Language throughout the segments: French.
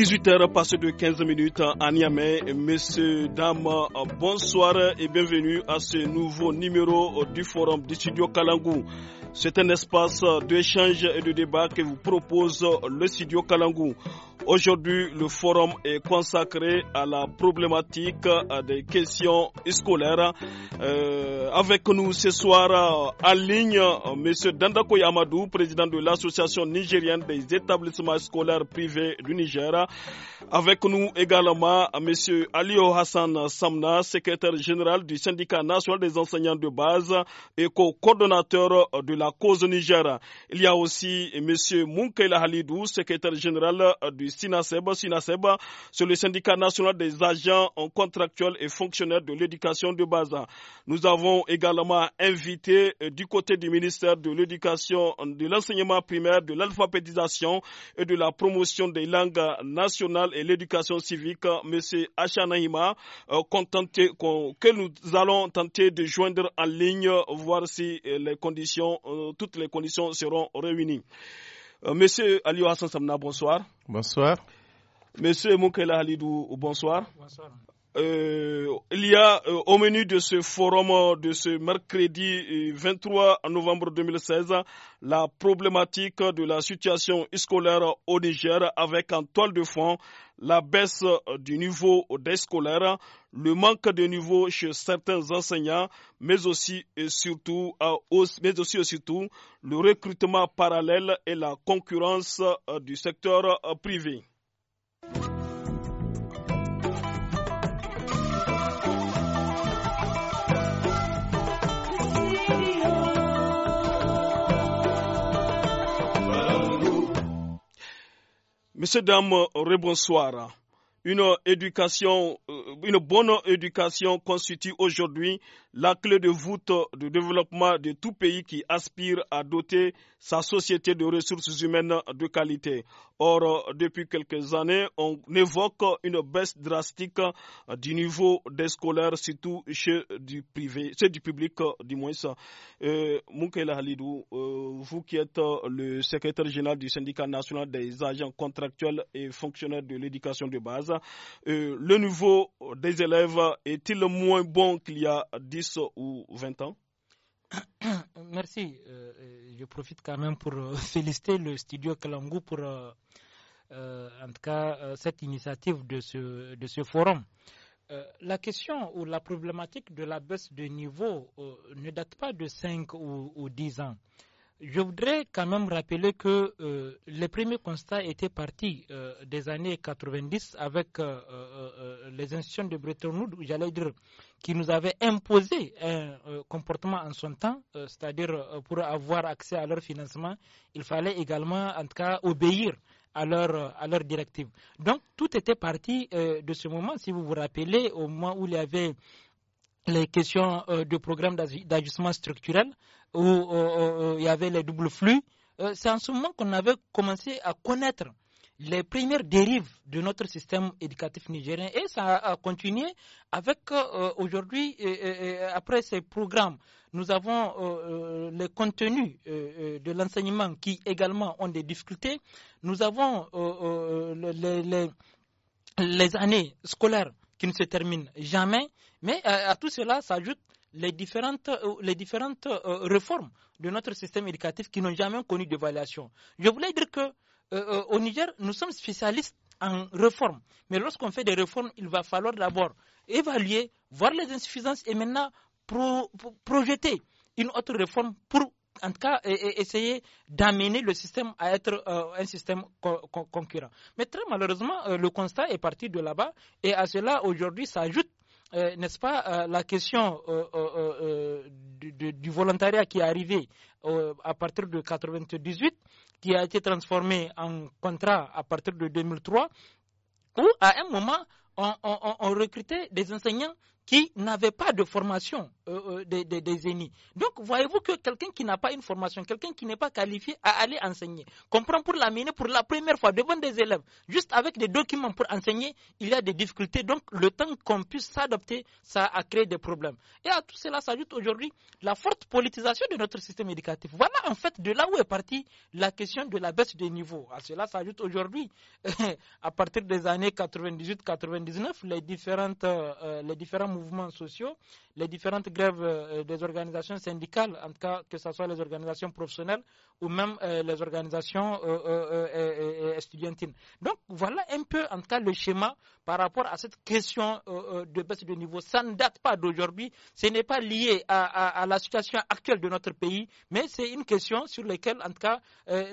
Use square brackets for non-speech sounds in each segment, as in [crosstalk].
18h passé de 15 minutes à Niamey. Messieurs, dames, bonsoir et bienvenue à ce nouveau numéro du Forum du Studio Kalangou. C'est un espace d'échange et de débat que vous propose le Studio Kalangou. Aujourd'hui, le forum est consacré à la problématique euh, des questions scolaires. Euh, avec nous ce soir euh, en ligne, Monsieur Dandako Yamadou, président de l'Association nigérienne des établissements scolaires privés du Niger. Avec nous également Monsieur Alio Hassan Samna, secrétaire général du syndicat national des enseignants de base et co-coordonnateur de la cause Niger. Il y a aussi Monsieur Munkela Halidou, secrétaire général du Sinaseba, Sinaseba, sur le syndicat national des agents contractuels et fonctionnaires de l'éducation de Baza. Nous avons également invité euh, du côté du ministère de l'éducation, de l'enseignement primaire, de l'alphabétisation et de la promotion des langues nationales et l'éducation civique, M. Achanaïma, euh, que nous allons tenter de joindre en ligne, voir si euh, les conditions, toutes les conditions seront réunies. Euh, monsieur Aliou Hassan Samna, bonsoir. Bonsoir. Monsieur Moukela Halidou, bonsoir. Bonsoir. Euh, il y a euh, au menu de ce forum euh, de ce mercredi 23 novembre 2016 la problématique de la situation scolaire au Niger avec en toile de fond la baisse du niveau des scolaires, le manque de niveau chez certains enseignants, mais aussi et surtout, mais aussi et surtout le recrutement parallèle et la concurrence du secteur privé. Messieurs, dames, rebonsoir. Une éducation, euh, une bonne éducation constitue aujourd'hui la clé de voûte du développement de tout pays qui aspire à doter sa société de ressources humaines de qualité. Or, depuis quelques années, on évoque une baisse drastique du niveau des scolaires, surtout chez du privé, du public, du moins. Euh, Halidou, euh, vous qui êtes le secrétaire général du syndicat national des agents contractuels et fonctionnaires de l'éducation de base, euh, le niveau des élèves est-il moins bon qu'il y a 10 ou 20 ans [coughs] Merci. Euh, je profite quand même pour euh, [laughs] féliciter le studio Kalangu pour, euh, en tout cas, cette initiative de ce, de ce forum. la question ou la problématique de la baisse de niveau ne date pas de 5 ou, ou 10 ans. Je voudrais quand même rappeler que euh, les premiers constats étaient partis euh, des années 90 avec euh, les institutions de Bretton Woods, j'allais dire, qui nous avaient imposé un comportement en son temps, c'est-à-dire pour avoir accès à leur financement, il fallait également, en tout cas, obéir à leur, à leur directive. Donc, tout était parti de ce moment. Si vous vous rappelez, au moment où il y avait les questions euh, de programme d'ajustement structurel où euh, euh, il y avait les doubles flux. C'est en ce moment qu'on avait commencé à connaître les premières dérives de notre système éducatif nigérien et ça a continué avec aujourd'hui après ces programmes nous avons les contenus de l'enseignement qui également ont des difficultés nous avons les années scolaires qui ne se termine jamais. Mais euh, à, tout cela s'ajoutent les différentes, euh, les différentes euh, réformes de notre système éducatif qui n'ont jamais connu d'évaluation. Je voulais dire que au Niger, nous sommes spécialistes en réformes, Mais lorsqu'on fait des réformes, il va falloir d'abord évaluer, voir les insuffisances et maintenant projeter une autre réforme pour en tout cas, essayer d'amener le système à être euh, un système concurrent. Mais très malheureusement, euh, le constat est parti de là-bas et à cela, aujourd'hui, s'ajoute euh, n'est-ce pas, la question du, volontariat qui est arrivé à partir de 1998, qui a été transformé en contrat à partir de 2003, où à un moment, on recrutait des enseignants qui n'avaient pas de formation euh, euh, des, des, Donc, voyez-vous que quelqu'un qui n'a pas une formation, quelqu'un qui n'est pas qualifié à aller enseigner, comprend pour l'amener pour la première fois devant des élèves, juste avec des documents pour enseigner, il y a des difficultés. Donc, le temps qu'on puisse s'adapter, ça a créé des problèmes. Et à tout cela s'ajoute aujourd'hui la forte politisation de notre système éducatif. Voilà en fait de là où est partie la question de la baisse des niveaux. À cela s'ajoute aujourd'hui, [laughs] à partir des années 98-99, les, différentes, euh, les différents mouvements mouvements sociaux les différentes grèves euh, des organisations syndicales, en tout cas que ce soit les organisations professionnelles ou même euh, les organisations euh, estudiantines. Donc voilà un peu en tout cas le schéma par rapport à cette question de baisse de niveau. Ça ne date pas d'aujourd'hui, ce n'est pas lié à, la situation actuelle de notre pays, mais c'est une question sur laquelle en tout cas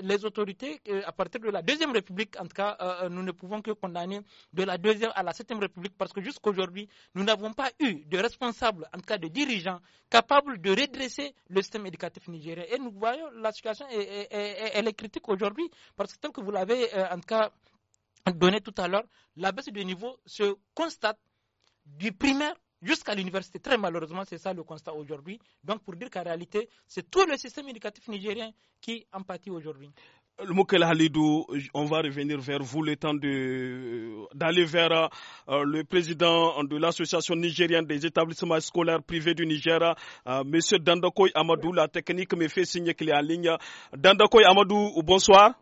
les autorités, à partir de la Deuxième République, en tout cas, nous ne pouvons que condamner de la Deuxième à la Septième République parce que jusqu'aujourd'hui, nous n'avons pas eu de responsable en tout cas de dirigeants, capables de redresser le système éducatif nigérien. Et nous voyons, la situation, est, elle est critique aujourd'hui, parce que comme que vous l'avez, euh, en cas, donné tout à l'heure, la baisse de niveau se constate du primaire jusqu'à l'université. Très malheureusement, c'est ça le constat aujourd'hui. Donc, pour dire qu'en réalité, c'est tout le système éducatif nigérien qui en pâtit aujourd'hui le Halidou, on va revenir vers vous le temps d'aller vers euh, le président de l'association nigérienne des établissements scolaires privés du Niger, M. Euh, Monsieur Dandakoy Amadou. La technique me fait signe qu'il est en ligne. Dandakoy Amadou, bonsoir.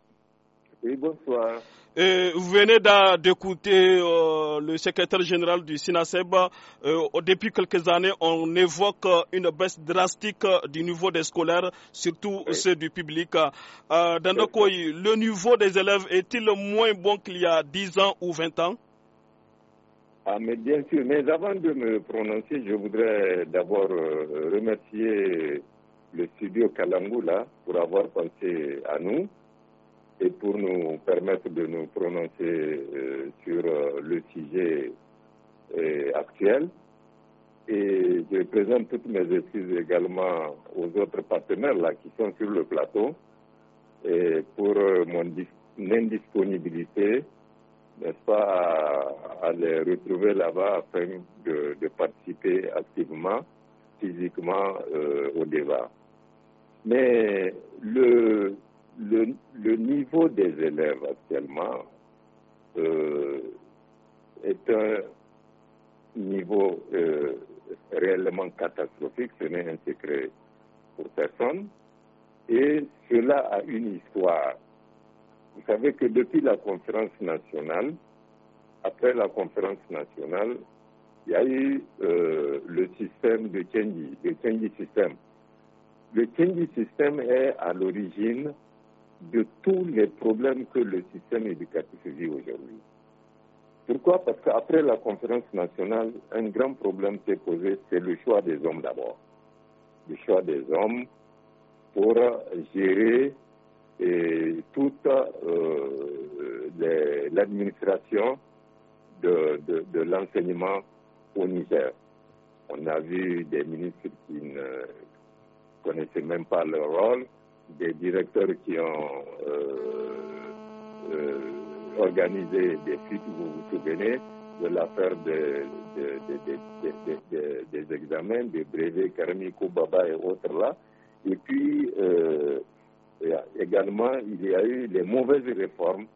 Oui, bonsoir vous venez d'écouter euh, le secrétaire général du SINASEB. Euh, depuis quelques années, on évoque euh, une baisse drastique du niveau des scolaires, surtout ceux du public. le niveau des élèves est-il moins bon qu'il y a 10 ans ou 20 ans ah, mais bien sûr, mais avant de me prononcer, je voudrais d'abord remercier le studio Kalangula pour avoir pensé à nous et pour nous permettre de nous prononcer euh, sur euh, le sujet euh, actuel. Et je présente toutes mes excuses également aux autres partenaires là, qui sont sur le plateau et pour mon indisponibilité, n'est-ce pas, à, les retrouver là-bas afin de, participer activement, physiquement au débat. Mais le le, le, niveau des élèves actuellement euh, est un niveau euh, réellement catastrophique, ce n'est un secret pour personne. Et cela a une histoire. Vous savez que depuis la conférence nationale, après la conférence nationale, il y a eu euh, le système de Kendi, le Kendi système. Le Kendi système est à l'origine de tous les problèmes que le système éducatif vit aujourd'hui. Pourquoi Parce qu'après la conférence nationale, un grand problème s'est posé, c'est le choix des hommes d'abord. Le choix des hommes pour gérer toute euh, l'administration de l'enseignement au Niger. On a vu des ministres qui ne connaissaient même pas leur rôle, des directeurs qui ont euh, euh, organisé des fuites, vous vous souvenez, de l'affaire des examens, des brevets Karmiko, baba et autres là. Et puis, euh, également, il y a eu les mauvaises réformes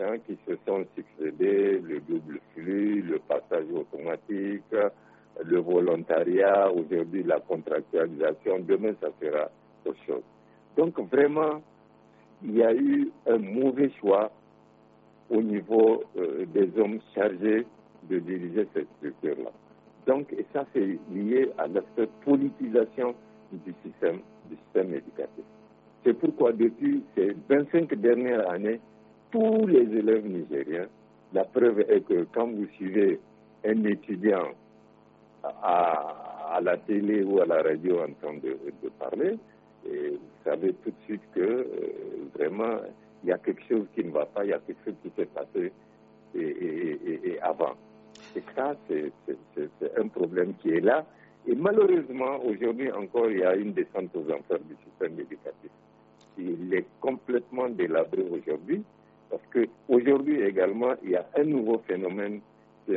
hein, qui se sont succédées, le double flux, le passage automatique, le volontariat, aujourd'hui la contractualisation, demain ça sera autre chose. Donc vraiment, il y a eu un mauvais choix au niveau euh, des hommes chargés de diriger cette structure-là. Donc, ça, c'est lié à l'aspect politisation du système, du système éducatif. C'est pourquoi depuis ces 25 dernières années, tous les élèves nigériens, la preuve est que quand vous suivez un étudiant à, la télé ou à la radio en train de parler, vous savez tout de suite que euh, vraiment, il y a quelque chose qui ne va pas, il y a quelque chose qui s'est passé et, avant. C'est ça, c'est un problème qui est là. Et malheureusement, aujourd'hui encore, il y a une descente aux enfers du système éducatif. Il est complètement délabré aujourd'hui, parce qu'aujourd'hui également, il y a un nouveau phénomène qui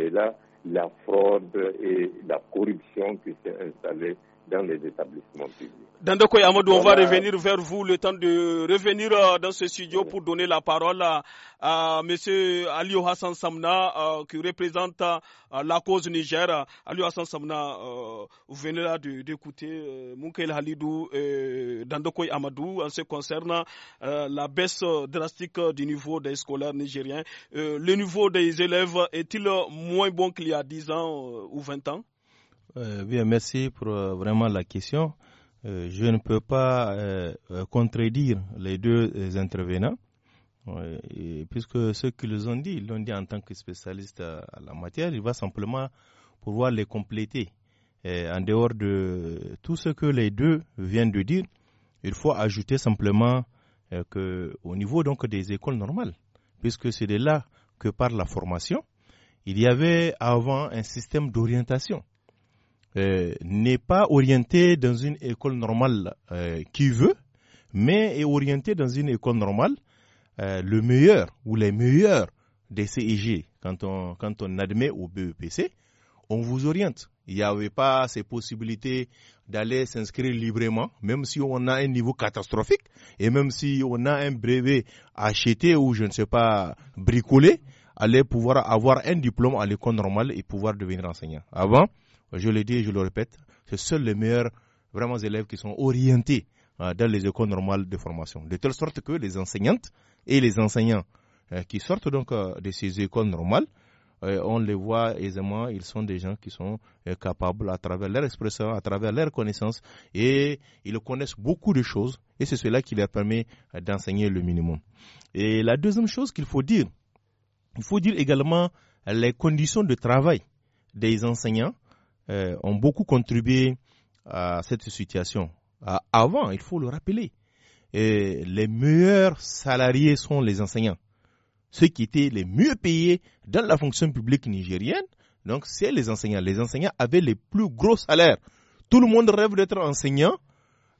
est là, la fraude et la corruption qui s'est installée dans les établissements publics. Dandokoy Amadou, on va revenir vers vous, le temps de revenir euh, dans ce studio pour donner la parole à, M. Aliou Hassan Samna, euh, qui représente euh, la cause Niger. Aliou Hassan Samna, vous venez là d'écouter Moukel Halidou et Dandokoy Amadou en ce qui concerne la baisse drastique du niveau des scolaires nigériens. le niveau des élèves est-il moins bon qu'il y a 10 ans ou 20 ans euh, merci pour euh, vraiment la question. Euh, je ne peux pas contredire les deux intervenants, puisque ce qu'ils ont dit, ils l'ont dit en tant que spécialiste à, la matière, il va simplement pouvoir les compléter. en dehors de tout ce que les deux viennent de dire, il faut ajouter simplement que au niveau donc des écoles normales, puisque c'est de là que par la formation, il y avait avant un système d'orientation euh, n'est pas orienté dans une école normale euh, qui veut, mais est orienté dans une école normale, euh, le meilleur ou les meilleurs des CEG, quand on, quand on admet au BEPC, on vous oriente. Il n'y avait pas ces possibilités d'aller s'inscrire librement, même si on a un niveau catastrophique et même si on a un brevet acheté ou je ne sais pas bricolé, aller pouvoir avoir un diplôme à l'école normale et pouvoir devenir enseignant. Avant, je le dis et je le répète, c'est seuls les meilleurs vraiment élèves qui sont orientés euh, dans les écoles normales de formation. De telle sorte que les enseignantes et les enseignants euh, qui sortent donc euh, de ces écoles normales, on les voit aisément, ils sont des gens qui sont capables à travers leur expression, à travers leur connaissance, et ils connaissent beaucoup de choses, et c'est cela qui leur permet d'enseigner le minimum. Et la deuxième chose qu'il faut dire, il faut dire également les conditions de travail des enseignants euh, ont beaucoup contribué à cette situation. avant, il faut le rappeler, les meilleurs salariés sont les enseignants. Ceux qui étaient les mieux payés dans la fonction publique nigérienne, donc c'est les enseignants. Les enseignants avaient les plus gros salaires. Tout le monde rêve d'être enseignant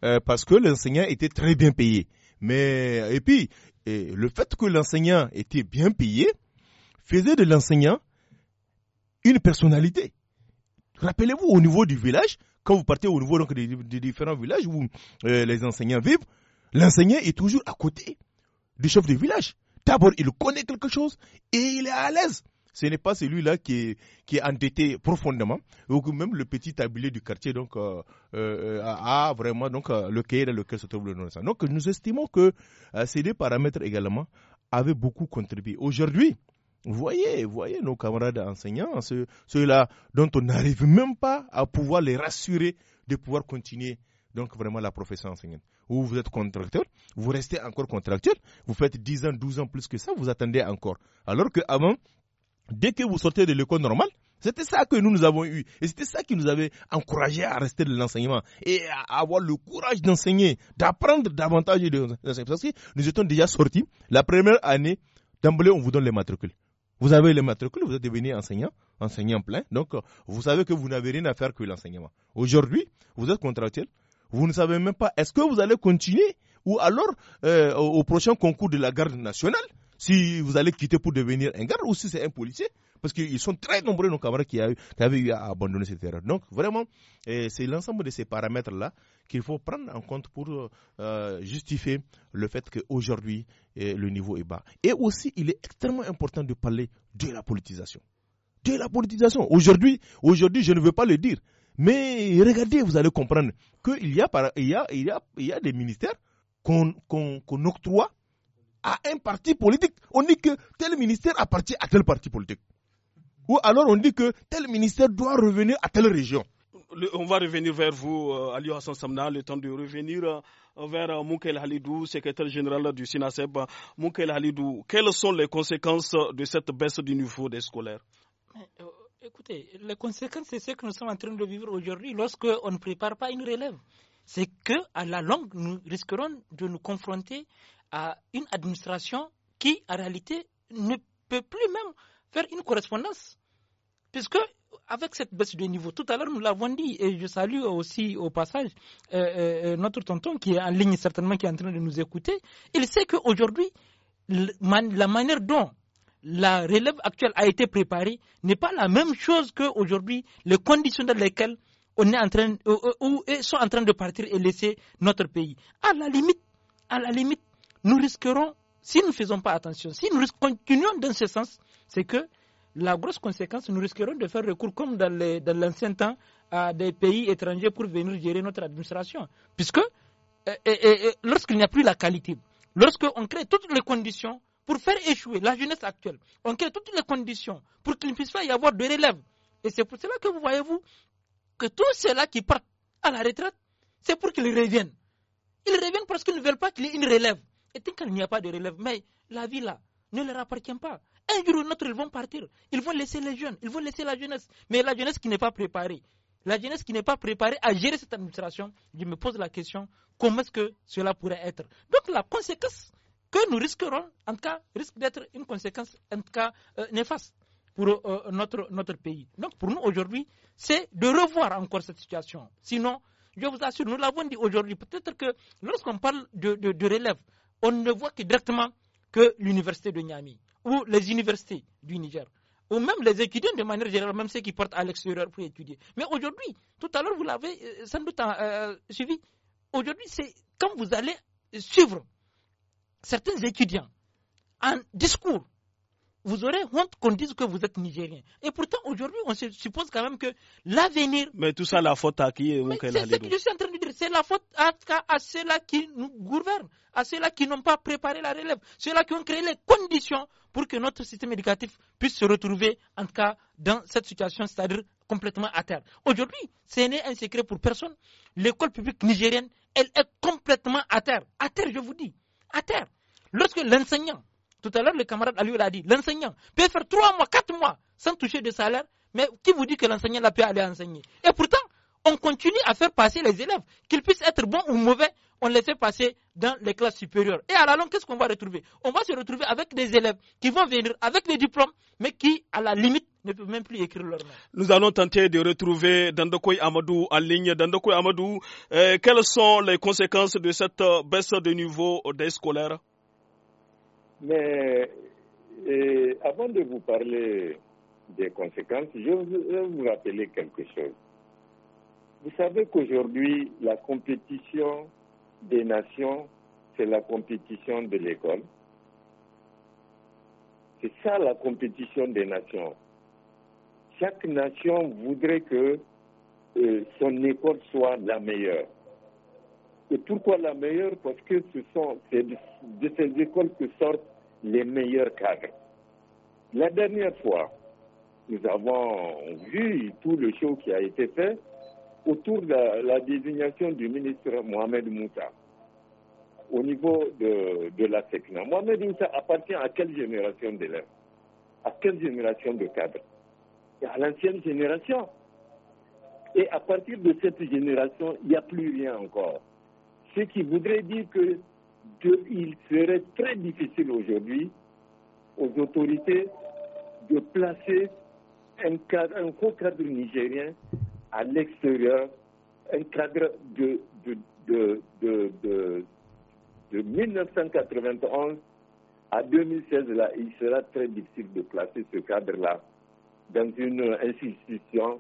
euh, parce que l'enseignant était très bien payé. Mais et puis le fait que l'enseignant était bien payé faisait de l'enseignant une personnalité. Rappelez-vous, au niveau du village, quand vous partez au niveau des, différents villages où euh, les enseignants vivent, l'enseignant est toujours à côté du chef du village. D'abord, il connaît quelque chose et il est à l'aise. Ce n'est pas celui-là qui est, endetté profondément. même le petit tablier du quartier donc, euh, euh, a vraiment donc, le cahier dans lequel se trouve le nom. ça. Donc, nous estimons que ces deux paramètres également avaient beaucoup contribué. Aujourd'hui, Voyez, voyez nos camarades enseignants, ceux, là dont on n'arrive même pas à pouvoir les rassurer de pouvoir continuer donc vraiment la profession enseignante. Ou vous êtes contracteur, vous restez encore contracteur, vous faites 10 ans, 12 ans plus que ça, vous attendez encore. Alors que avant dès que vous sortez de l'école normale, c'était ça que nous, nous avons eu. Et c'était ça qui nous avait encouragé à rester de l'enseignement et à avoir le courage d'enseigner, d'apprendre davantage de Parce que nous étions déjà sortis. La première année, d'emblée, on vous donne les matricules. Vous avez le matricules, vous êtes devenu enseignant, enseignant plein. Donc, euh, vous savez que vous n'avez rien à faire que l'enseignement. Aujourd'hui, vous êtes contractuel. Vous ne savez même pas, est-ce que vous allez continuer ou alors euh, au prochain concours de la garde nationale si vous allez quitter pour devenir un garde ou si c'est un policier, parce qu'ils sont très nombreux, nos camarades, qui, avaient eu à abandonner cette erreur Donc, vraiment, eh, c'est l'ensemble de ces paramètres-là qu'il faut prendre en compte pour euh, justifier le fait qu'aujourd'hui, aujourd'hui eh, le niveau est bas. Et aussi, il est extrêmement important de parler de la politisation. De la politisation. Aujourd'hui, aujourd'hui, je ne veux pas le dire, mais regardez, vous allez comprendre qu'il y a, y, des ministères qu'on octroie à un parti politique. On dit que tel ministère appartient à tel parti politique. Ou alors on dit que tel ministère doit revenir à telle région. on va revenir vers vous, euh, Ali Hassan Samna, le temps de revenir euh, vers euh, Moukel Halidou, secrétaire général du SINASEB. Moukel Halidou, quelles sont les conséquences de cette baisse du niveau des scolaires Écoutez, les conséquences, c'est ce que nous sommes en train de vivre aujourd'hui lorsqu'on ne prépare pas une relève. C'est que, à la longue, nous risquerons de nous confronter à une administration qui, en réalité, ne peut plus même faire une correspondance. Puisque, avec cette baisse de niveau, tout à l'heure, nous l'avons dit, et je salue aussi au passage euh, euh, euh, notre tonton qui est en ligne, certainement, qui est en train de nous écouter, il sait qu'aujourd'hui, la manière dont la relève actuelle a été préparée n'est pas la même chose qu'aujourd'hui, les conditions dans lesquelles on est en train, ou, sont en train de partir et laisser notre pays. À la limite, à la limite, nous risquerons, si nous ne faisons pas attention, si nous continuons dans ce sens, c'est que la grosse conséquence, nous risquerons de faire recours, comme dans, l'ancien dans temps, à des pays étrangers pour venir gérer notre administration. Puisque euh, euh, euh, lorsqu'il n'y a plus la qualité, lorsqu'on crée toutes les conditions pour faire échouer la jeunesse actuelle, on crée toutes les conditions pour qu'il ne puisse pas y avoir de relève. Et c'est pour cela que vous voyez, vous, que tous ceux-là qui partent à la retraite, c'est pour qu'ils reviennent. Ils reviennent parce qu'ils ne veulent pas qu'il y ait une relève. Et tant qu'il n'y a pas de relève, mais la vie là ne leur appartient pas. Un jour ou l'autre, ils vont partir. Ils vont laisser les jeunes, ils vont laisser la jeunesse. Mais la jeunesse qui n'est pas préparée, la jeunesse qui n'est pas préparée à gérer cette administration, je me pose la question, comment est-ce que cela pourrait être Donc la conséquence que nous risquerons, en tout cas, risque d'être une conséquence, en cas, euh, néfaste pour euh, notre, notre pays. Donc pour nous, aujourd'hui, c'est de revoir encore cette situation. Sinon, je vous assure, nous l'avons dit aujourd'hui, peut-être que lorsqu'on parle de, de relève, on ne voit que directement que l'université de Niamey ou les universités du Niger ou même les étudiants de manière générale, même ceux qui portent à l'extérieur pour étudier. Mais aujourd'hui, tout à l'heure, vous l'avez euh, sans doute euh, suivi, aujourd'hui, c'est quand vous allez suivre certains étudiants en discours vous aurez honte qu'on dise que vous êtes nigérien. Et pourtant, aujourd'hui, on se suppose quand même que l'avenir. Mais tout ça, la faute à qui est C'est ce que je suis en train de dire. C'est la faute à, à ceux-là qui nous gouvernent, à ceux-là qui n'ont pas préparé la relève, ceux-là qui ont créé les conditions pour que notre système éducatif puisse se retrouver, en tout cas, dans cette situation, c'est-à-dire complètement à terre. Aujourd'hui, ce n'est un secret pour personne. L'école publique nigérienne, elle est complètement à terre. À terre, je vous dis. À terre. Lorsque l'enseignant tout à l'heure, le camarade Aliou l'a dit, l'enseignant peut faire trois mois, quatre mois sans toucher de salaire, mais qui vous dit que l'enseignant n'a peut aller enseigner Et pourtant, on continue à faire passer les élèves, qu'ils puissent être bons ou mauvais, on les fait passer dans les classes supérieures. Et à la longue, qu'est-ce qu'on va retrouver On va se retrouver avec des élèves qui vont venir avec des diplômes, mais qui, à la limite, ne peuvent même plus écrire leur nom. Nous allons tenter de retrouver Dandokoy Amadou en ligne. Dandokoy Amadou, euh, quelles sont les conséquences de cette euh, baisse de niveau des scolaires mais avant de vous parler des conséquences, je vais vous rappeler quelque chose. Vous savez qu'aujourd'hui, la compétition des nations, c'est la compétition de l'école. C'est ça la compétition des nations. Chaque nation voudrait que euh, son école soit la meilleure. Et pourquoi la meilleure Parce que ce sont de ces écoles que sortent les meilleurs cadres. La dernière fois, nous avons vu tout le show qui a été fait autour de la, désignation du ministre Mohamed Moussa au niveau de, de la SECNA. Mohamed Moussa appartient à quelle génération d'élèves À quelle génération de cadres À l'ancienne génération. Et à partir de cette génération, il n'y a plus rien encore. Ce qui voudrait dire que il serait très difficile aujourd'hui aux autorités de placer un, cadre, un cadre nigérien à l'extérieur, un cadre de, de, 1991 à 2016, là, il sera très difficile de placer ce cadre-là dans une institution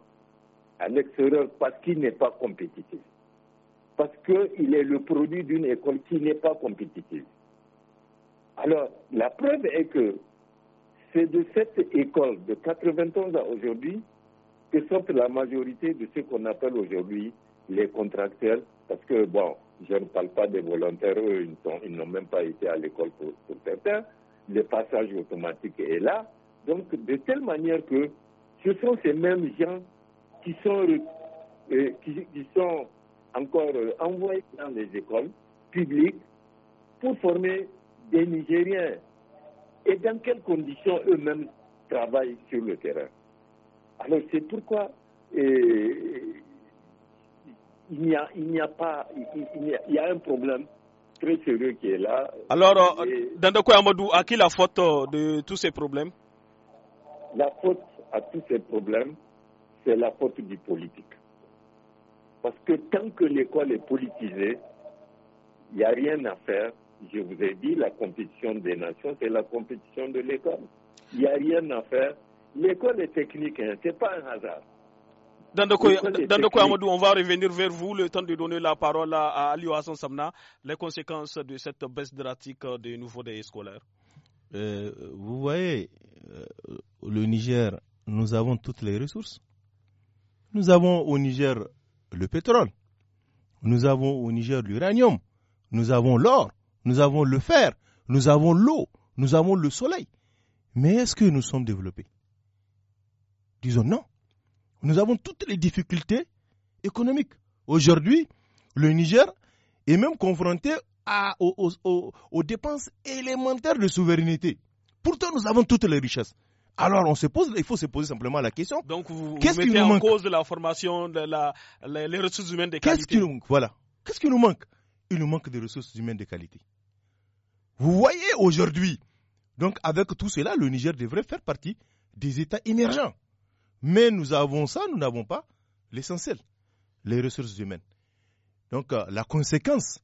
à l'extérieur parce qu'il n'est pas compétitif parce qu'il est le produit d'une école qui n'est pas compétitive. Alors, la preuve est que c'est de cette école de 91 à aujourd'hui que sortent la majorité de ce qu'on appelle aujourd'hui les contracteurs, parce que, bon, je ne parle pas des volontaires, eux, ils n'ont même pas été à l'école pour, certains. Le passage automatique est là. Donc, de telle manière que ce sont ces mêmes gens qui sont, euh, qui sont encore envoyés dans les écoles publiques pour former des Nigériens et dans quelles conditions eux-mêmes travaillent sur le terrain. Alors c'est pourquoi euh, il n'y a, pas, il, y a, un problème très sérieux qui est là. Alors, euh, Amadou, à qui la faute euh, de tous ces problèmes La faute à tous ces problèmes, c'est la faute du politique. Parce que tant que l'école est politisée, il n'y a rien à faire. Je vous ai dit, la compétition des nations, c'est la compétition de l'école. Il n'y a rien à faire. L'école est technique, hein. ce n'est pas un hasard. Dans le cas Amadou, on va revenir vers vous le temps de donner la parole à Aliou Hassan Samna. Les conséquences de cette baisse drastique des nouveaux délais scolaires euh, Vous voyez, euh, le Niger, nous avons toutes les ressources. Nous avons au Niger le pétrole. Nous avons au Niger l'uranium, nous avons l'or, nous avons le fer, nous avons l'eau, nous avons le soleil. Mais est-ce que nous sommes développés Disons non. Nous avons toutes les difficultés économiques. Aujourd'hui, le Niger est même confronté aux, dépenses élémentaires de souveraineté. Pourtant, nous avons toutes les richesses. Alors on se pose, il faut se poser simplement la question. Donc qu'est-ce qui en cause de la formation, les ressources humaines de qualité. Qu'est-ce qui nous manque Voilà. Qu'est-ce qui nous manque Il nous manque des ressources humaines de qualité. Vous voyez aujourd'hui, donc avec tout cela, le Niger devrait faire partie des États émergents. Mais nous avons ça, nous n'avons pas l'essentiel, les ressources humaines. Donc euh, la conséquence,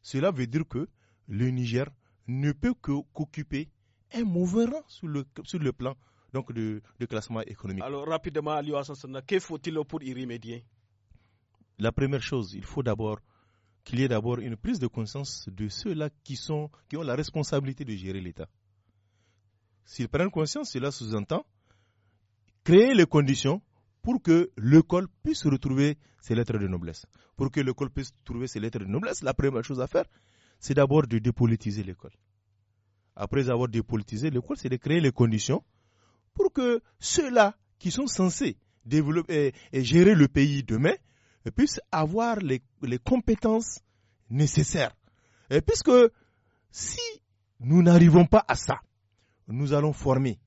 cela veut dire que le Niger ne peut qu'occuper un mauvais sur le, sur le plan donc de, classement économique. Alors rapidement, qu'est-ce que faut-il pour y remédier La première chose, il faut d'abord qu'il y ait d'abord une prise de conscience de ceux-là qui, sont, qui ont la responsabilité de gérer l'État. S'ils prennent conscience, cela sous-entend créer les conditions pour que l'école puisse retrouver ses lettres de noblesse. Pour que l'école puisse trouver ses lettres de noblesse, la première chose à faire, c'est d'abord de dépolitiser l'école. Après avoir dépolitisé l'école, c'est de créer les conditions pour que ceux-là qui sont censés développer et gérer le pays demain puissent avoir les, compétences nécessaires. Et puisque si nous n'arrivons pas à ça, nous allons former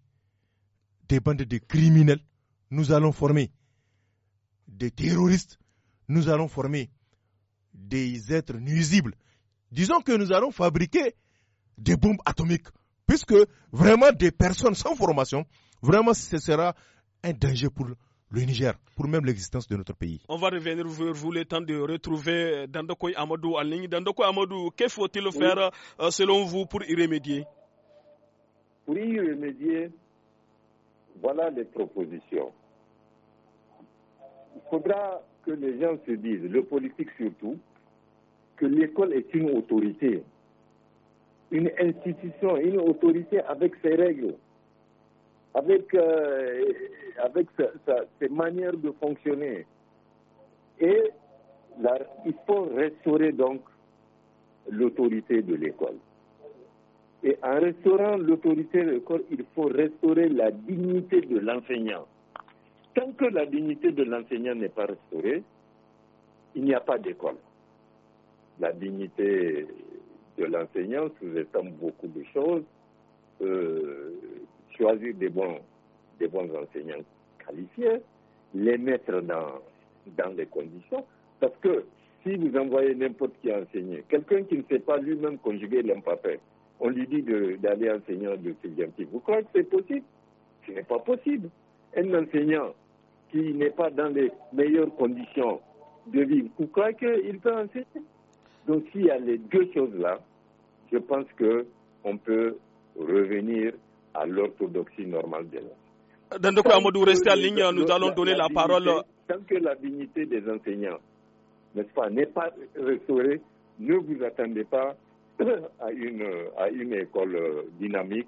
des bandes de criminels, nous allons former des terroristes, nous allons former des êtres nuisibles. Disons que nous allons fabriquer des bombes atomiques, puisque vraiment des personnes sans formation Vraiment, ce sera un danger pour le Niger, pour même l'existence de notre pays. On va revenir vers vous le temps de retrouver euh, Dandokoy Amadou en ligne. Dandokoy Amadou, que faut-il faire euh, selon vous pour y remédier Pour y remédier, voilà les propositions. Il faudra que les gens se disent, le politique surtout, que l'école est une autorité, une institution, une autorité avec ses règles, avec, euh, avec ses manières de fonctionner. Et il faut restaurer donc l'autorité de l'école. Et en restaurant l'autorité de l'école, il faut restaurer la dignité de l'enseignant. Tant que la dignité de l'enseignant n'est pas restaurée, il n'y a pas d'école. La dignité de l'enseignant sous-estime beaucoup de choses. Euh, choisir des bons, des bons enseignants qualifiés, les mettre dans, dans des conditions, parce que si vous envoyez n'importe qui enseigner, quelqu'un qui ne sait pas lui-même conjuguer l'imparfait, on lui dit d'aller enseigner de type, Vous croyez que c'est possible Ce n'est pas possible. Un enseignant qui n'est pas dans les meilleures conditions de vie, vous croyez qu'il peut enseigner Donc s'il y a les deux choses-là, je pense qu'on peut revenir à l'orthodoxie normale de l'art. où Amadou, restez en ligne, nous allons donner la, parole. tant que la dignité des enseignants, nest pas, restaurée, ne vous attendez pas [clears throat] à une, à une école euh, dynamique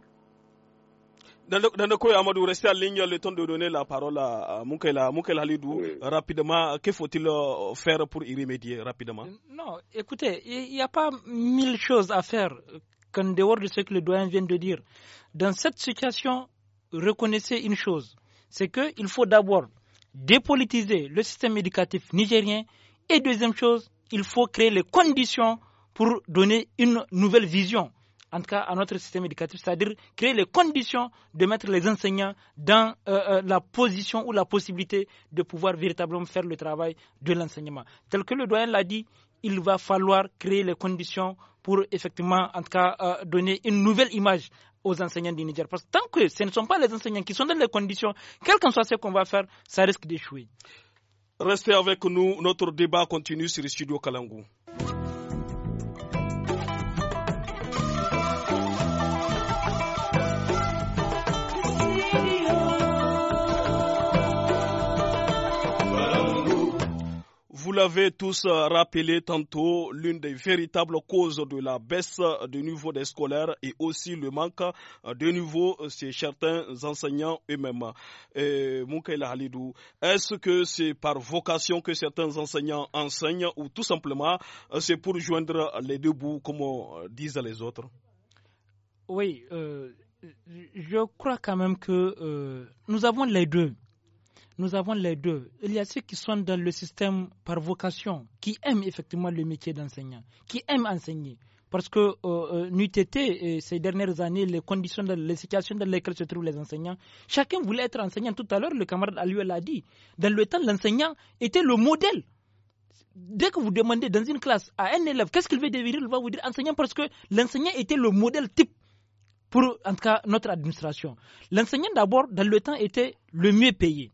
où Amadou, restez en ligne, le temps de donner la parole à Moukela, Moukela Lidou. Rapidement, que faut-il euh, faire pour y remédier rapidement Non, écoutez, il n'y a pas mille choses à faire qu'en dehors de ce que le doyen vient de dire. Dans cette situation, reconnaissez une chose, c'est qu'il faut d'abord dépolitiser le système éducatif nigérien et deuxième chose, il faut créer les conditions pour donner une nouvelle vision, en tout cas à notre système éducatif, c'est-à-dire créer les conditions de mettre les enseignants dans euh, euh, la position ou la possibilité de pouvoir véritablement faire le travail de l'enseignement. Tel que le doyen l'a dit, il va falloir créer les conditions pour effectivement, en tout cas, euh, donner une nouvelle image aux enseignants du Niger. Parce que tant que ce ne sont pas les enseignants qui sont dans les conditions, quel qu'en soit ce qu'on va faire, ça risque d'échouer. Restez avec nous, notre débat continue sur le studio Kalangou. vous l'avez tous euh, rappelé tantôt, l'une des véritables causes de la baisse du niveau des scolaires et aussi le manque euh, de niveau chez certains enseignants eux-mêmes. Moukaila Halidou, est-ce que c'est par vocation que certains enseignants enseignent ou tout simplement euh, c'est pour joindre les deux bouts, comme disent les autres Oui, je crois quand même que nous avons les deux nous avons les deux. Il y a ceux qui sont dans le système par vocation, qui aiment effectivement le métier d'enseignant, qui aiment enseigner. Parce que euh, euh, nous été, euh, ces dernières années, les conditions, de, les situations dans lesquelles se trouvent les enseignants, chacun voulait être enseignant. Tout à l'heure, le camarade Aluel l'a dit. Dans le temps, l'enseignant était le modèle dès que vous demandez dans une classe à un élève qu'est-ce qu'il veut devenir, il va vous dire enseignant parce que l'enseignant était le modèle type pour, en tout cas, notre administration. L'enseignant, d'abord, dans le temps, était le mieux payé.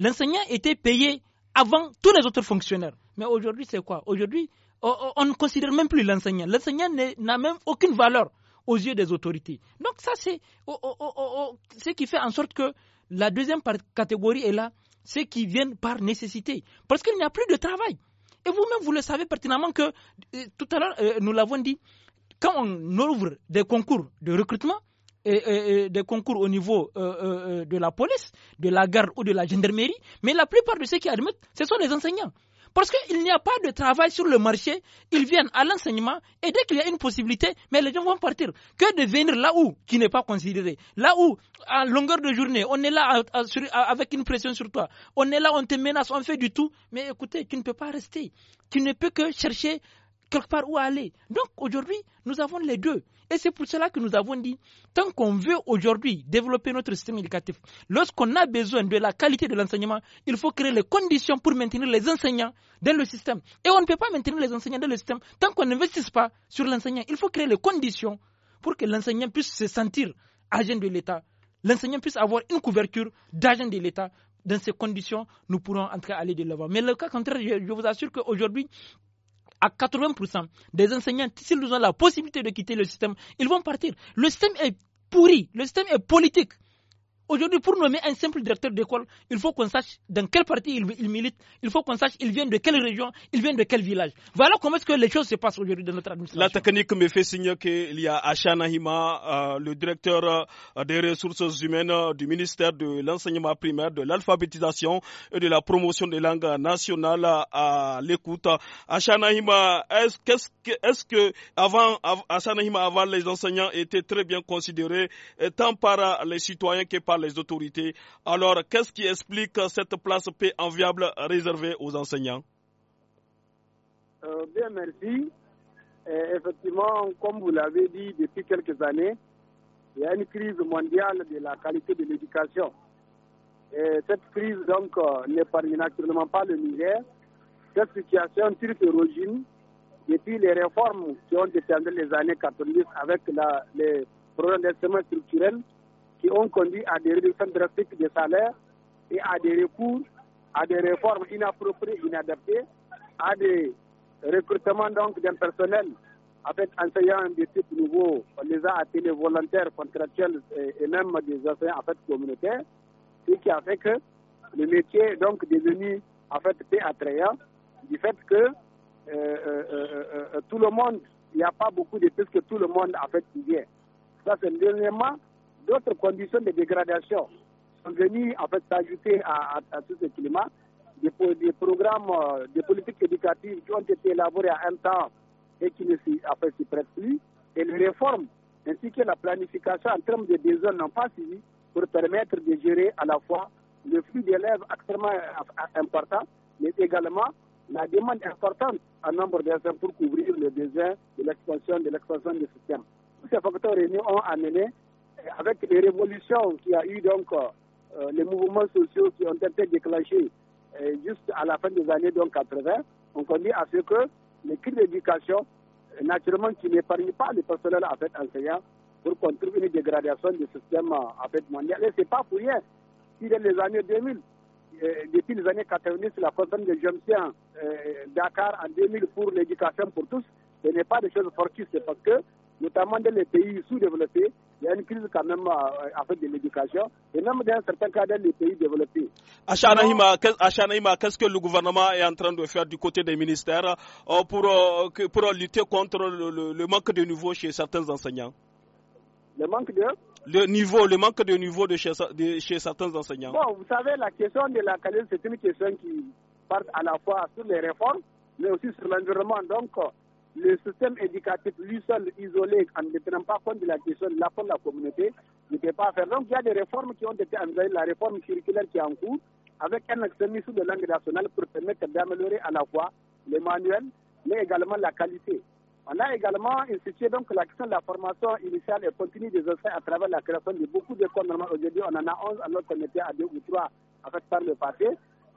L'enseignant était payé avant tous les autres fonctionnaires. Mais aujourd'hui, c'est quoi Aujourd'hui, on ne considère même plus l'enseignant. L'enseignant n'a même aucune valeur aux yeux des autorités. Donc ça, c'est oh, oh, oh, ce qui fait en sorte que la deuxième catégorie est là, ceux qui viennent par nécessité, parce qu'il n'y a plus de travail. Et vous-même, vous le savez pertinemment que, euh, tout à l'heure, euh, nous l'avons dit, quand on ouvre des concours de recrutement, et, des concours au niveau euh, euh, euh, de la police, de la garde ou de la gendarmerie, mais la plupart de ceux qui admettent, ce sont les enseignants. Parce qu'il n'y a pas de travail sur le marché, ils viennent à l'enseignement et dès qu'il y a une possibilité, mais les gens vont partir. Que de venir là où qui n'est pas considéré, là où à longueur de journée on est là avec une pression sur toi, on est là, on te menace, on fait du tout, mais écoutez, tu ne peux pas rester, tu ne peux que chercher quelque part où aller. Donc aujourd'hui, nous avons les deux. Et c'est pour cela que nous avons dit, tant qu'on veut aujourd'hui développer notre système éducatif, lorsqu'on a besoin de la qualité de l'enseignement, il faut créer les conditions pour maintenir les enseignants dans le système. Et on ne peut pas maintenir les enseignants dans le système tant qu'on n'investisse pas sur l'enseignant. Il faut créer les conditions pour que l'enseignant puisse se sentir agent de l'État, l'enseignant puisse avoir une couverture d'agent de l'État. Dans ces conditions, nous pourrons entrer à aller de l'avant. Mais le cas contraire, je vous assure qu'aujourd'hui, à 80% des enseignants, s'ils ont la possibilité de quitter le système, ils vont partir. Le système est pourri, le système est politique. Aujourd'hui, pour nommer un simple directeur d'école, il faut qu'on sache dans quel parti il, il milite, il faut qu'on sache il vient de quelle région, il vient de quel village. Voilà comment est-ce que les choses se passent aujourd'hui dans notre administration. La technique me fait signe qu'il y a Achana euh, le directeur euh, des ressources humaines euh, du ministère de l'enseignement primaire, de l'alphabétisation et de la promotion des langues nationales à l'écoute. Achana est-ce que, est que avant, av avant les enseignants étaient très bien considérés tant par les citoyens que par les autorités. Alors, qu'est-ce qui explique cette place P enviable réservée aux enseignants euh, Bien, merci. Euh, effectivement, comme vous l'avez dit depuis quelques années, il y a une crise mondiale de la qualité de l'éducation. cette crise, donc, euh, n'est pas naturellement pas le Niger. Cette situation tire d'origine depuis les réformes qui ont déterminé les années 90 avec les programmes d'instruments structurels qui ont conduit à des réductions drastiques des salaires et à des recours, à des réformes inappropriées, inadaptées, à des recrutements donc d'un personnel avec enseignants de type nouveau. On les a appelés volontaires, contractuels et, même des enseignants en fait communautaires, ce qui a fait que le métier donc devenu en fait très attrayant du fait que euh, euh, euh, tout le monde, il n'y a pas beaucoup de puisque que tout le monde a fait vient. Ça c'est dernièrement d'autres conditions de dégradation sont venues en fait, s'ajouter à, tout ce climat. Des, programmes, euh, des politiques éducatives qui ont été élaborés à un temps et qui ne s'y en prêtent plus. Et les réformes ainsi que la planification en termes de besoins n'ont pas suivi pour permettre de gérer à la fois le flux d'élèves extrêmement euh, important, mais également la demande importante en nombre d'élèves pour couvrir le besoin de l'expansion de l'expansion du système. Tous ces facteurs réunis ont amené avec les révolutions qu'il y a eu, donc, euh, les mouvements sociaux qui ont été déclenchés euh, juste à la fin des années 80, on conduit à ce que les cris d'éducation, euh, naturellement, qui n'épargnent pas le personnel en enseignant pour contribuer à une dégradation du système fait, mondial. Et ce n'est pas pour rien. Si dans les années 2000, depuis les années 90, la conférence de jeunes en Dakar en 2000 pour l'éducation pour tous, ce n'est pas des choses fortuites, parce que notamment dans les pays sous-développés, il y a une crise quand même euh, en fait de l'éducation, et même dans certains cas dans les pays développés. Achanaïma, qu'est-ce que le gouvernement est en train de faire du côté des ministères euh, pour, euh, pour lutter contre le, manque de niveau chez certains enseignants Le manque de le niveau, le manque de niveau de chez, certains enseignants. Bon, vous savez, la question de la qualité, c'est une question qui part à la fois sur les réformes, mais aussi sur l'environnement. Donc, le système éducatif, lui seul, isolé, en ne tenant pas compte de la question de de la communauté, ne peut pas faire. Donc, il y a des réformes qui ont été envoyées, la réforme curriculaire qui est en cours, avec un extrémisme de langue nationale pour permettre d'améliorer à la fois les manuels, mais également la qualité. On a également institué donc la question de la formation initiale et continue des enseignants à travers la création de beaucoup de d'écoles. Aujourd'hui, on en a 11, alors qu'on était à deux ou trois en fait, par le passé,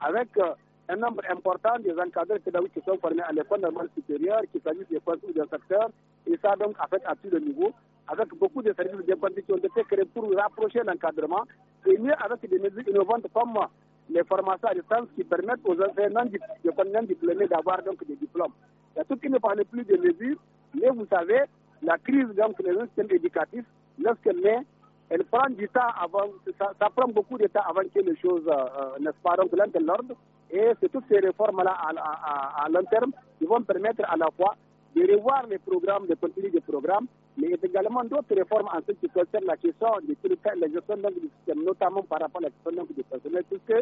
avec euh, un nombre important des encadrés pédagogiques qui sont formés à l'école normale supérieure, qui s'agissent des postes ou des secteurs, et ça donc fait à tous les niveaux, avec beaucoup de services de qui ont été créés pour rapprocher l'encadrement, et mieux avec des mesures innovantes comme les formations à distance qui permettent aux enseignants non diplômés d'avoir donc des diplômes. a tout qui ne parle plus de mesures, mais vous savez, la crise donc le système éducatif, lorsqu'elle naît, elle prend du temps avant, ça, prend beaucoup de temps avant que les choses, euh, euh n'est-ce pas, donc l'un l'ordre, et c'est toutes ces réformes-là à, long terme qui vont permettre à la fois de revoir les programmes, de continuer les programmes, mais également d'autres réformes en ce qui concerne la question de la gestion du système, notamment par rapport à la gestion du personnel, puisque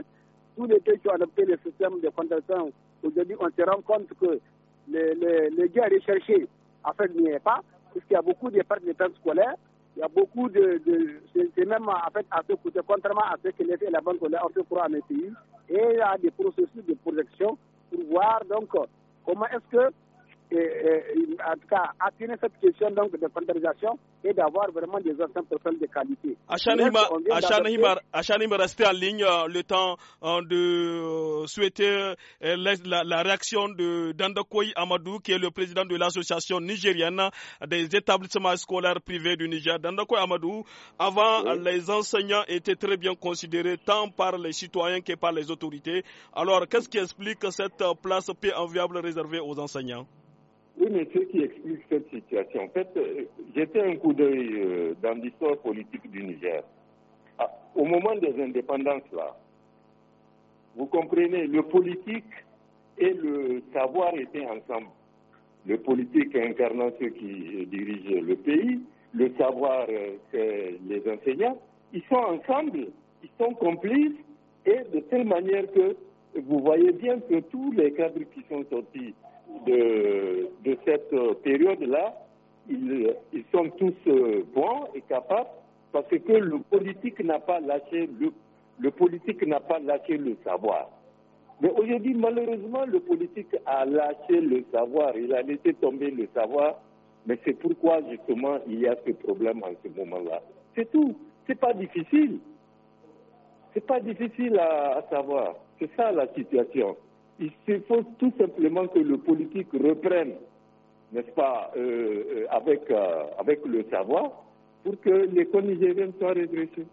tous les pays qui ont adopté le système de fondation aujourd'hui, on se rend compte que le, le, recherchés recherché, en fait, n'y est pas, puisqu'il y a beaucoup de pertes de temps scolaires, il y a beaucoup de, de c'est même en fait à ce côté contrairement à ce que l'État la Banque ont fait pour un pays. Et il y a des processus de projection pour voir donc comment est-ce que et, euh, cette question donc, de standardisation et d'avoir vraiment des enseignants de qualité. restez en ligne euh, le temps euh, de souhaiter la, réaction de Dandakoy Amadou, qui est le président de l'association nigérienne des établissements scolaires privés du Niger. Dandakoy Amadou, avant, les enseignants étaient très bien considérés tant par les citoyens que par les autorités. Alors, qu'est-ce qui explique cette place peu enviable réservée aux enseignants? Oui, mais qui expliquent cette situation, en fait, euh, j'étais un coup d'œil euh, dans l'histoire politique du Niger. Ah, au moment des indépendances, là, vous comprenez, le politique et le savoir étaient ensemble. Le politique incarnant ceux qui euh, dirigent le pays, le savoir, c'est les enseignants. Ils sont ensemble, ils sont complices, et de telle manière que vous voyez bien que tous les cadres qui sont sortis de, de cette euh, période-là, euh, ils, sont tous euh, bons et capables parce que le politique n'a pas lâché le, politique n'a pas lâché le savoir. Mais aujourd'hui, malheureusement, le politique a lâché le savoir, il a laissé tomber le savoir, mais c'est pourquoi justement il y a ce problème en ce moment-là. C'est tout. C'est pas difficile. C'est pas difficile à savoir. C'est ça la situation. Il faut tout simplement que le politique reprenne, n'est-ce pas, euh, euh, avec, euh, avec le savoir, pour que l'école nigérienne soit régressée.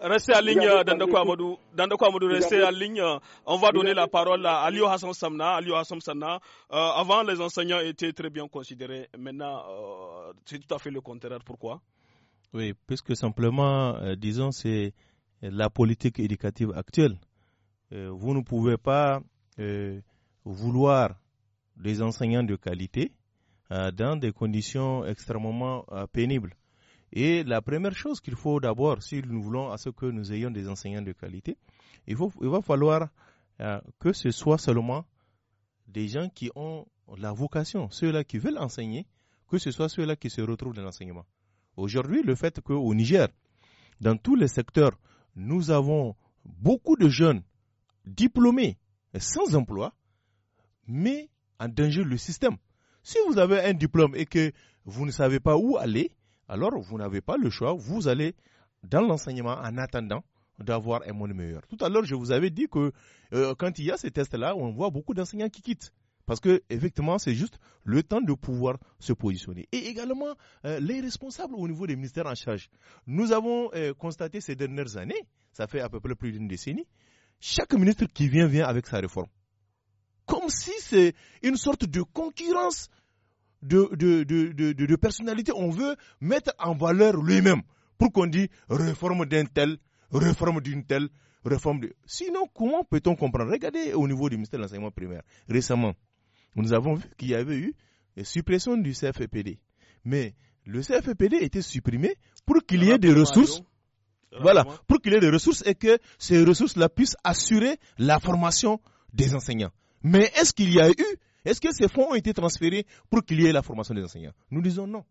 Restez en ligne, Dando Amadou. Amadou, restez en ligne. On va donner la parole à Alio Hassan Samna. Alio Hassan Samna, avant, les enseignants étaient très bien considérés. Maintenant, c'est tout à fait le contraire. Pourquoi Oui, puisque simplement, disons, c'est la politique éducative actuelle. vous ne pouvez pas euh, vouloir des enseignants de qualité euh, dans des conditions extrêmement euh, pénibles. Et la première chose qu'il faut d'abord, si nous voulons à ce que nous ayons des enseignants de qualité, il, il va falloir que ce soit seulement des gens qui ont la vocation, ceux-là qui veulent enseigner, que ce soit ceux-là qui se retrouvent dans l'enseignement. Aujourd'hui, le fait qu'au Niger, dans tous les secteurs, nous avons beaucoup de jeunes diplômés sans emploi, met en danger le système. Si vous avez un diplôme et que vous ne savez pas où aller, alors vous n'avez pas le choix, vous allez dans l'enseignement en attendant d'avoir un monde meilleur. Tout à l'heure, je vous avais dit que euh, quand il y a ces tests-là, on voit beaucoup d'enseignants qui quittent. Parce que, effectivement, c'est juste le temps de pouvoir se positionner. Et également, euh, les responsables au niveau des ministères en charge. Nous avons euh, constaté ces dernières années, ça fait à peu près plus d'une décennie, chaque ministre qui vient vient avec sa réforme. Comme si c'est une sorte de concurrence de, de, de, personnalité. On veut mettre en valeur lui-même pour qu'on dise réforme d'un tel, réforme d'une telle, réforme de... Sinon, comment peut-on comprendre Regardez au niveau du ministère de l'enseignement primaire. Récemment, nous avons vu qu'il y avait eu la suppression du CFPD. Mais le CFPD était supprimé pour qu'il y ait des ressources. Euh, voilà, pour qu'il y ait des ressources et que ces ressources-là puissent assurer la formation des enseignants. Mais est-ce qu'il y a eu, est-ce que ces fonds ont été transférés pour qu'il y ait la formation des enseignants Nous disons non.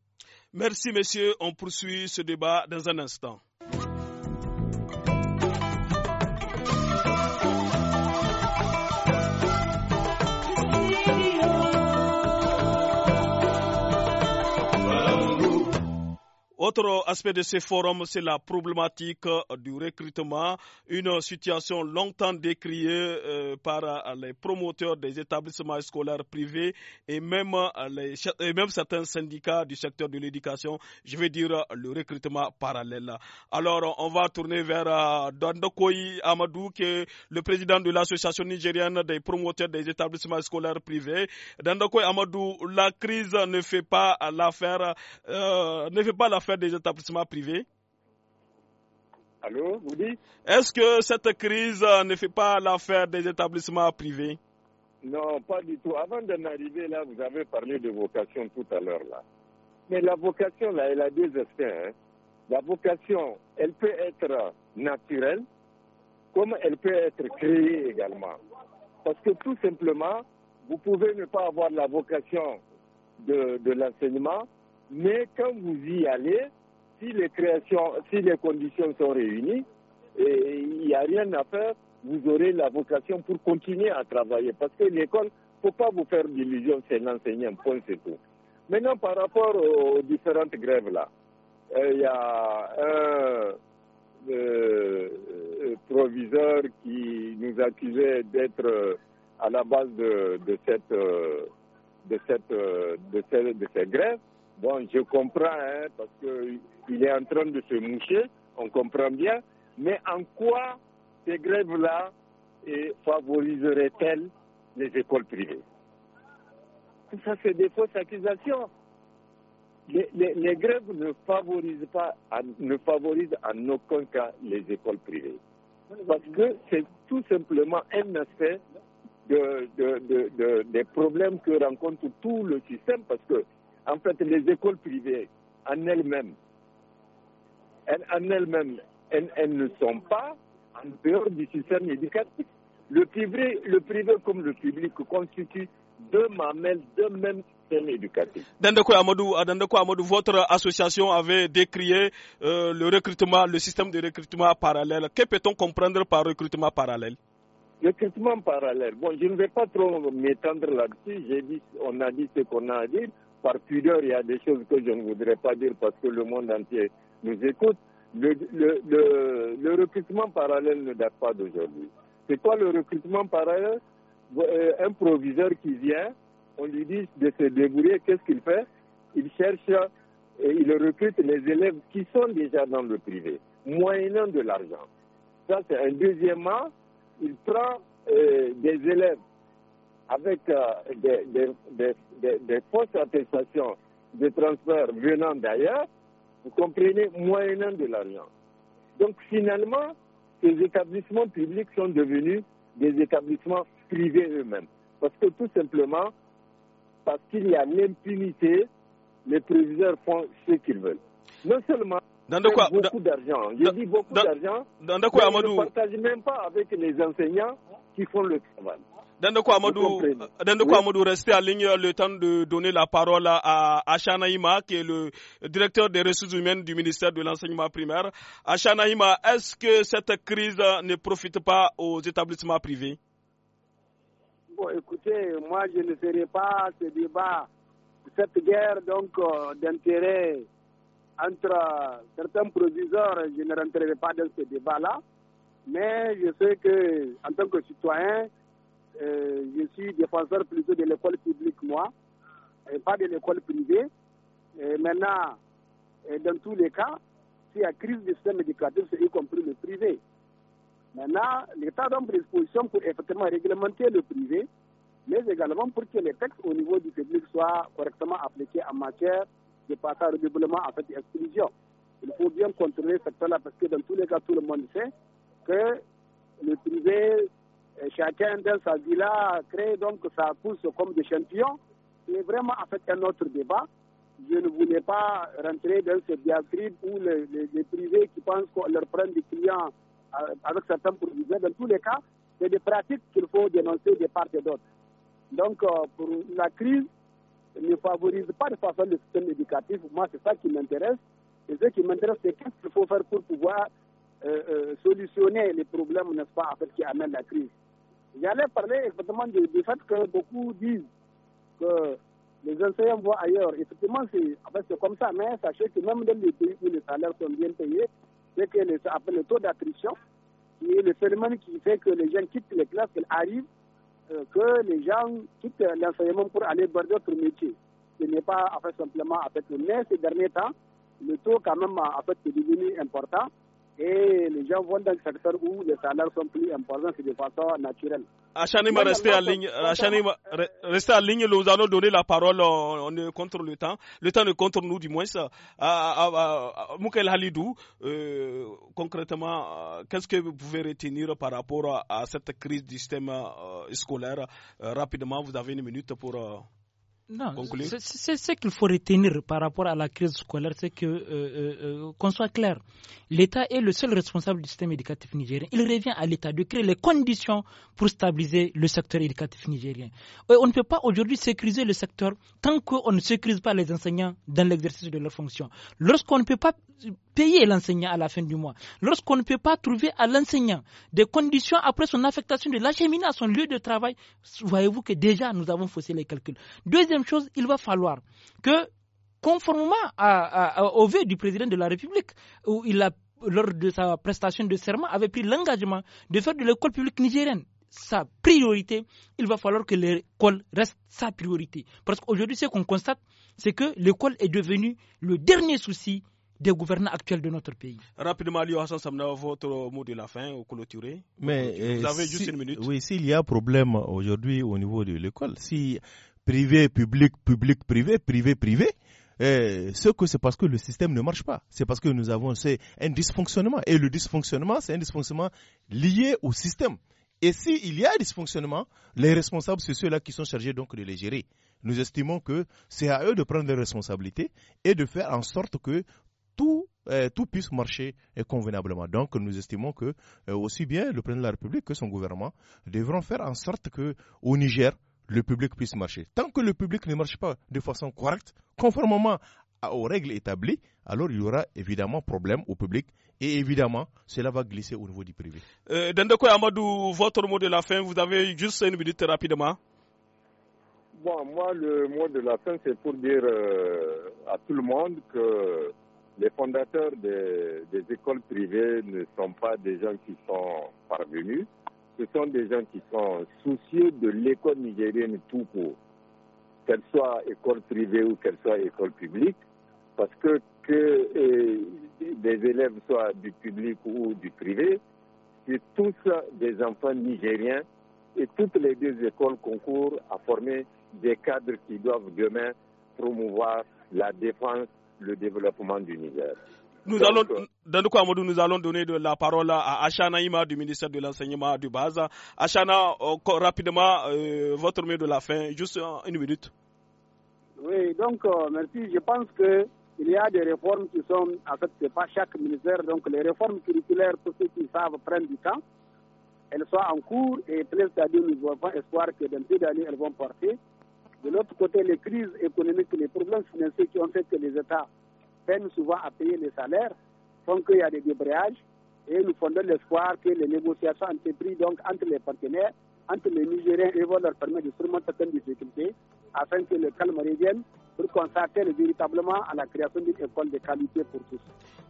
Merci, messieurs. On poursuit ce débat dans un instant. Autre aspect de ce forum, c'est la problématique euh, du recrutement, une situation longtemps décriée euh, par euh, les promoteurs des établissements scolaires privés et même, certains syndicats du secteur de l'éducation, je veux dire le recrutement parallèle. Alors, on va tourner vers Dandokoyi Amadou, qui est le président de l'association nigérienne des promoteurs des établissements scolaires privés. Dandokoyi Amadou, la crise ne fait pas l'affaire, ne fait pas l'affaire des établissements privés Allô, vous dites Est-ce que cette crise euh, ne fait pas l'affaire des établissements privés Non, pas du tout. Avant d'en arriver là, vous avez parlé de vocation tout à l'heure là. Mais la vocation là, elle a deux aspects. Hein. La vocation, elle peut être naturelle, comme elle peut être créée également. Parce que tout simplement, vous pouvez ne pas avoir la vocation de l'enseignement, mais quand vous y allez, si les, si les conditions sont réunies, et il n'y a rien à faire, vous aurez la vocation pour continuer à travailler. Parce que l'école, il ne faut pas vous faire d'illusions, c'est l'enseignant, point, c'est tout. Maintenant, par rapport aux différentes grèves-là, euh, il y a un euh, euh, proviseur qui nous accusait d'être à la base de, de cette, de, cette, de, de cette grève. Bon, je comprends, hein, parce qu'il est en train de se moucher, on comprend bien, mais en quoi ces grèves-là eh, favoriseraient-elles les écoles privées Ça, c'est des fausses accusations. Les, grèves ne favorisent pas, ne favorisent en aucun cas les écoles privées. Parce que c'est tout simplement un aspect des problèmes que rencontre tout le système, parce que en fait, les écoles privées en elles-mêmes, elles, en elles-mêmes, ne sont pas en dehors du système éducatif. Le privé, le privé comme le public constituent deux mamelles, deux mêmes systèmes Amadou, Amadou, votre association avait décrié euh, le recrutement, le système de recrutement parallèle. Que peut-on comprendre par recrutement parallèle Recrutement parallèle. Bon, je ne vais pas trop m'étendre là-dessus. J'ai dit, on a dit ce qu'on a à dire par pudeur, il y a des choses que je ne voudrais pas dire parce que le monde entier nous écoute. Le, recrutement parallèle ne date pas d'aujourd'hui. C'est quoi le recrutement parallèle euh, Un proviseur qui vient, on lui dit de se débrouiller, qu'est-ce qu'il fait Il cherche et euh, il recrute les élèves qui sont déjà dans le privé, moyennant de l'argent. Ça, c'est un deuxièmement, il prend euh, des élèves avec euh, des, des, des, des, fausses attestations de transfert venant d'ailleurs, vous comprenez, moyennant de l'argent. Donc finalement, ces établissements publics sont devenus des établissements privés eux-mêmes. Parce que tout simplement, parce qu'il y a l'impunité, les préviseurs font ce qu'ils veulent. Non seulement dans de quoi, beaucoup d'argent, beaucoup d'argent, dans, quoi, ne partage même pas avec les enseignants qui font le travail. Dende Kouamadou, euh, restez à ligne le temps de donner la parole à Achana qui est le directeur des ressources humaines du ministère de l'enseignement primaire. Achana est-ce que cette crise ne profite pas aux établissements privés écoutez, moi je ne serai pas ce débat, cette guerre donc euh, d'intérêt entre euh, certains proviseurs, je ne rentrerai pas dans ce débat-là, mais je sais que en tant que citoyen, euh, je suis défenseur plutôt de l'école publique, moi, et pas de l'école privée. maintenant, dans tous les cas, s'il y a crise du système éducatif, c'est y compris le privé. Maintenant, l'État donne des dispositions pour effectivement réglementer le privé, mais également pour que les textes au niveau du public soient correctement appliqués en matière de passage au développement en fait d'exclusion. Il faut bien contrôler ce secteur-là parce que dans tous les cas, tout le monde sait que le privé chacun dans sa là crée donc sa pousse comme des champions. C'est vraiment en fait un autre débat. Je ne voulais pas rentrer dans ce diatribe où les, privés qui pensent qu'on leur prend des clients euh, avec certains produits. Dans tous les cas, c'est des pratiques qu'il faut dénoncer de part et d'autre. Donc, euh, pour la crise ne favorise pas de façon le système éducatif. Moi, c'est ça qui m'intéresse. Et ce qui m'intéresse, c'est qu'est-ce qu'il faut faire pour pouvoir euh, solutionner les problèmes, n'est-ce pas, avec qui amènent la crise. J'allais parler exactement du, fait que beaucoup disent que les enseignants vont ailleurs. Effectivement, c'est comme ça, mais sachez que même dans les pays où les salaires sont bien payés, c'est que les, le taux d'attrition, qui est le phénomène qui fait que les gens quittent les classes, qu'ils arrivent, euh, que les gens quittent l'enseignement pour aller vers d'autres métiers. Ce n'est pas simplement avec le mais ces derniers temps, le taux quand même en fait, est devenu important et les gens vont dans le secteur où les salaires sont plus importants, c'est de façon naturelle. Achanima, restez à ligne. à ligne. Nous allons donner la parole. On est contre le temps. Le temps est contre nous, du moins. Ah, ah, ah, Moukel Halidou, euh, concrètement, euh, qu'est-ce que vous pouvez retenir par rapport à, cette crise du système euh, scolaire Rapidement, vous avez une minute pour. Non, c'est ce qu'il faut retenir par rapport à la crise scolaire, c'est que euh, euh, euh, qu'on soit clair, l'État est le seul responsable du système éducatif nigérien. Il revient à l'État de créer les conditions pour stabiliser le secteur éducatif nigérien. on ne peut pas aujourd'hui sécuriser le secteur tant qu'on ne sécurise pas les enseignants dans l'exercice de leurs fonctions. Lorsqu'on ne peut pas payer l'enseignant à la fin du mois. Lorsqu'on ne peut pas trouver à l'enseignant des conditions après son affectation de l'acheminer à son lieu de travail, voyez-vous que déjà nous avons faussé les calculs. Deuxième chose, il va falloir que, conformément au vœu du président de la République, où il a lors de sa prestation de serment, avait pris l'engagement de faire de l'école publique nigérienne sa priorité, il va falloir que l'école reste sa priorité. Parce qu'aujourd'hui, ce qu'on constate, c'est que l'école est devenue le dernier souci des gouvernants actuels de notre pays. Rapidement, Lyon, Hassan votre mot de la fin, au clôturé. Mais euh, vous avez juste une minute. Oui, s'il y a problème aujourd'hui au niveau de l'école, si privé, public, public, privé, privé, privé, euh, ce que c'est parce que le système ne marche pas. C'est parce que nous avons un dysfonctionnement. Et le dysfonctionnement, c'est un dysfonctionnement lié au système. Et s'il y a dysfonctionnement, les responsables, c'est ceux-là qui sont chargés donc de les gérer. Nous estimons que c'est à eux de prendre des responsabilités et de faire en sorte que euh, tout, puisse marcher euh, convenablement. Donc nous estimons que euh, aussi bien le président de la République que son gouvernement devront faire en sorte que au Niger, le public puisse marcher. Tant que le public ne marche pas de façon correcte, conformément aux règles établies, alors il y aura évidemment problème au public et évidemment cela va glisser au niveau du privé. Euh, Dendeko Amadou, votre mot de la fin, vous avez juste une minute rapidement. moi le mot de la fin c'est pour dire à tout le monde que les fondateurs des, écoles privées ne sont pas des gens qui sont parvenus, ce sont des gens qui sont soucieux de l'école nigérienne tout court, qu'elle soit école privée ou qu'elle soit école publique, parce que que euh, des élèves soient du public ou du privé, c'est tous des enfants nigériens et toutes les deux écoles concourent à former des cadres qui doivent demain promouvoir la défense le développement du Niger. Nous allons, euh, nous allons donner de la parole à Achana du ministère de l'Enseignement du Baza. Achana, euh, rapidement, euh, votre mot de la fin, juste une minute. Oui, donc merci. Je pense que il y a des réformes qui sont, en fait, c'est pas chaque ministère. Donc les réformes curriculaires, pour ceux qui savent, prennent du temps. Elles sont en cours et plein à nous avons espoir que dans deux années, elles vont porter. De l'autre côté, les crises économiques, les problèmes financiers qui ont fait que les États peinent souvent à payer les salaires font qu'il y a des débrayages et nous fondons l'espoir que les négociations entreprises donc entre les partenaires, entre les Nigériens et vont leur permettre de surmonter certaines difficultés afin que le calme revienne pour consacrer véritablement à la création d'une école de qualité pour tous.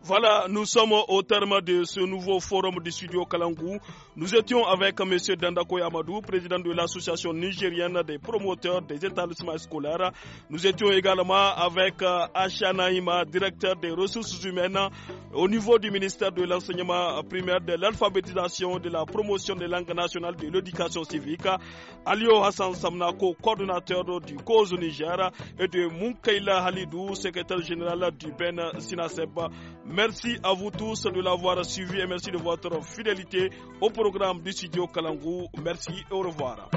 Voilà, nous sommes au terme de ce nouveau forum du studio Kalangou. Nous étions avec M. Dandako Yamadou, président de l'association nigérienne des promoteurs des établissements scolaires. Nous étions également avec euh, Ashanaima, directeur des ressources humaines au niveau du ministère de l'enseignement primaire, de l'alphabétisation, de la promotion des langues nationales, de l'éducation civique. Alio Hassan Samnako, coordinateur du cause Niger et de Moukaila Halidou, secrétaire général du Ben Sinaseba. Merci à vous tous de l'avoir suivi et merci de votre fidélité au programme du studio Kalangou. Merci et au revoir.